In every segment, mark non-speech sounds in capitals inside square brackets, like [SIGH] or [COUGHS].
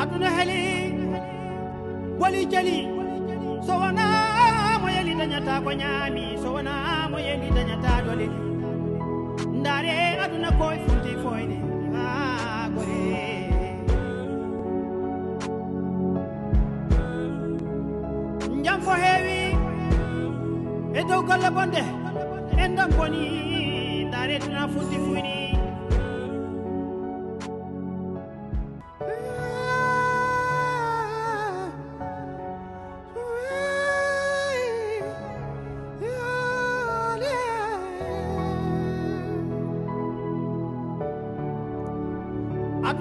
aduna heli wali jali so wonamo yeli dañata ko ñaami so wonamo yeli dañata dole ndaare aduna koye funti foyne a gore jam fo heewi e dow bonde en boni ndaare tuna funti fuyni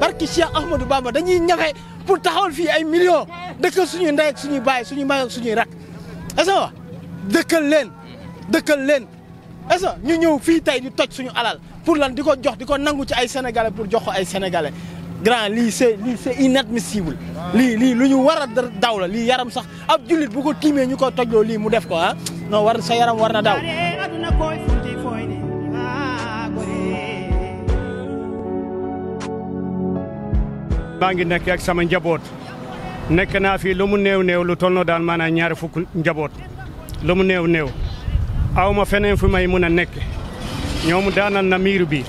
barki cheikh ahmadou bamba dañuy ñaxé pour taxawal fi ay millions dekkal suñu nday ak suñu bay suñu may ak suñu rak est dekkal len, dekkal len. dëkkal ñu ñew fi tay ñu toj suñu alal pour lan diko jox diko nangu ci ay sénégalais pour jox ay sénégalais grand lii c'est c'est inadmissible li li luñu wara dawla li yaram sax ab julit bu ko timé ñuko ko lo li mu def ko ah non war sa yaram war na daw baa ngi nekk ak sama njaboot nekk naa fi lu mu néew néew lu toll daal maanaa ñaari fukk njaboot lu mu néew néew aw ma feneen fu may mun a nekk ñoom daanal na miir bi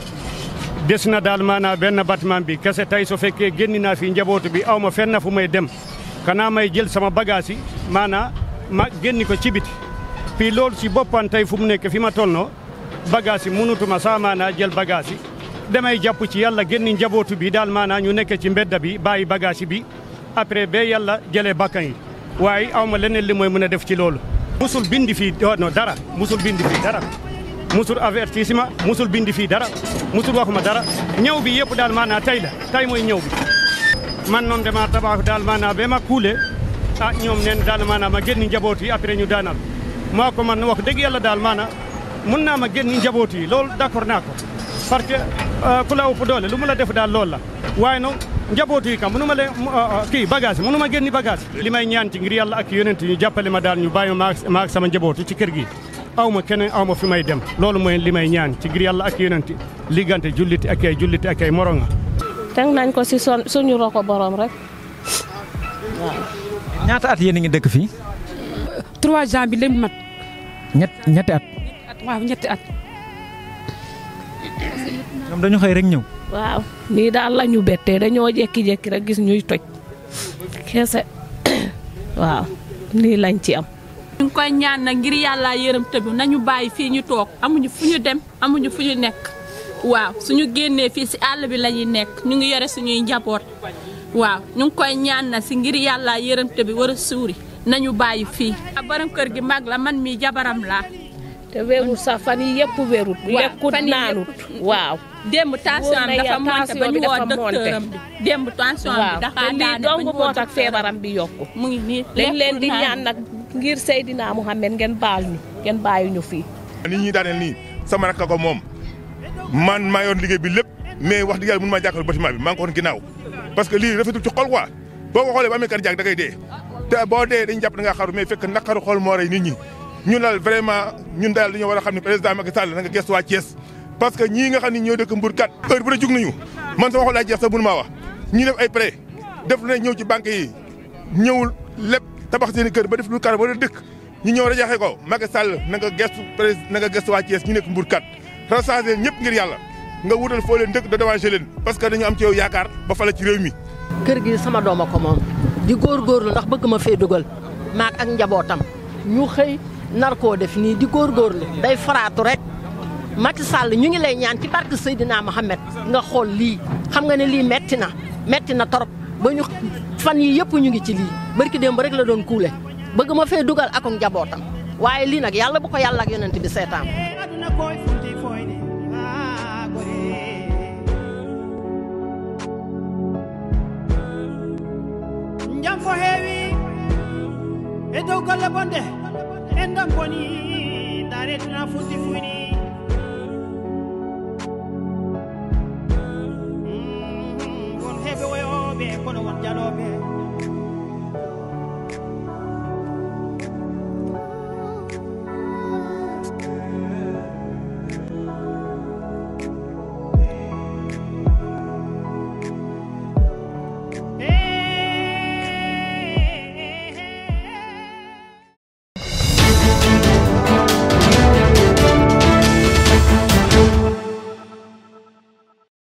des na daal maanaa benn bâtiment bi kese tey su fekkee génn naa fi njabootu bi aw ma fenn fu may dem kanaa may jël sama bagage yi maanaam ma génn ko ci biti puis loolu si boppan tey fu mu nekke fi ma toll noo bagage yi mënutuma saa maanaa jël bagage yi damay jàpp ci yàlla génn njabootu bi daal maanaa ñu nekk ci mbedda bi bàyyi bagage bi après ba yàlla jëlee bakkan yi waaye aw ma leneen li mooy mën a def ci loolu. musul bindi fii oh non dara musul bindi fii dara musul ma musul bindi fii dara musul ma dara ñëw bi yëpp daal maanaa tey la tey mooy ñëw man man noom dama tabax daal maanaa ba ma kuule ah ñoom neen daal maanaa ma génn njaboot yi après ñu daanal maa ko man wax dëgg yàlla daal maanaa mun naa ma génn njaboot yi loolu d'accord naa ko Eh, kula wu fudole lu mula la da lola wai no njabo tu njaboot munu male ki leen munu bagage mënuma génni lima inyan may ñaan ci ngir yàlla ak yonent ñu jàppale ma daal ñu bàyyi sama njabo tu kër gi aw ma kene au ma fima idem lolo loolu mooy li may ñaan ala ngir yàlla ak ligante liggante ake ak ake moronga tang nan ko si son suñu roko borom rek waaw at yéen a ngi a fii trois ans bi mat at wa ñetti at ñoom dañu xëy ñëw. waaw nii daal la ñu bettee dañoo jékki-jékki rek gis ñuy toj kese [COUGHS] waaw nii lañ ci am. ñu ngi ñaan nag ngir yàlla yërëm tëbi nañu bàyyi fii ñu toog amuñu fu ñu dem amuñu fu ñu nekk waaw suñu génnee fii si àll bi lañuy nekk ñu ngi yore suñuy njaboot waaw ñu ngi koy ñaan na si ngir yàlla yërëm tëbi war a suuri nañu bàyyi fii. borom kër gi mag la man mii jabaram laa. te weerul sax fan yi yëpp weerut. lekkut naanut waaw. démb tension am dafa ya, monté ba ñu woo docteur am démb tension am dafa ni dong ñu tak febaram bi yok mu ngi ni lañ leen di ñaan nak ngir sayidina Mouhamed ngeen baal ñu ngeen bàyyi ñu fi ni ñi daaneel ni sama nak ko mom man maa yoon liggéey bi lepp mais wax dëgg yàlla mënu maa jàkkaarloo bi maa ngi ko woon ginnaaw parce que li rafetu ci xol quoi boko xolé ba amee kar da ngay dé té bo dé dañ japp da xaru mais fekk nakaru xol mo ray nit ñi ñun daal vraiment ñun daal dañoo war a xam ne président ma Sall na nga gëstu waa Thiès parce que ñii nga xam ne ñoo dëkk Mbour kat heure bu ne jug nañu man sama xol laa jeex sax maa wax ñii def ay prêt def lu ne ñëw ci banque yi ñëwul lépp tabax seen kër ba def lu kar ba dëkk ñu ñëw rajaxe ko Macky Sall na nga gëstu na nga gëstu waa Thiès ñu nekk Mbour kat recensé ñëpp ngir yàlla nga wutal foo leen dëkk da démanger leen parce que dañu am ci yow yaakaar ba fala ci réew mi kër gi sama dooma ko moom di góorgóorlu ndax bëgg ma fee dugal maak ak njabootam nar koo def nii di góorgóorlu day faraatu rek Macky Sall ñu ngi lay ñaan ci barke Seydina Mohamed nga xool lii xam nga ne lii metti na metti na torop ba fan yi yëpp ñu ngi ci lii barki démb rek la doon kuule bëgg ma fee dugal ak njabootam waaye lii nag yàlla bu ko yàlla ak yonent bi seetaan jam fo heewi e dow golle bonde enga koni dare tena futi fuini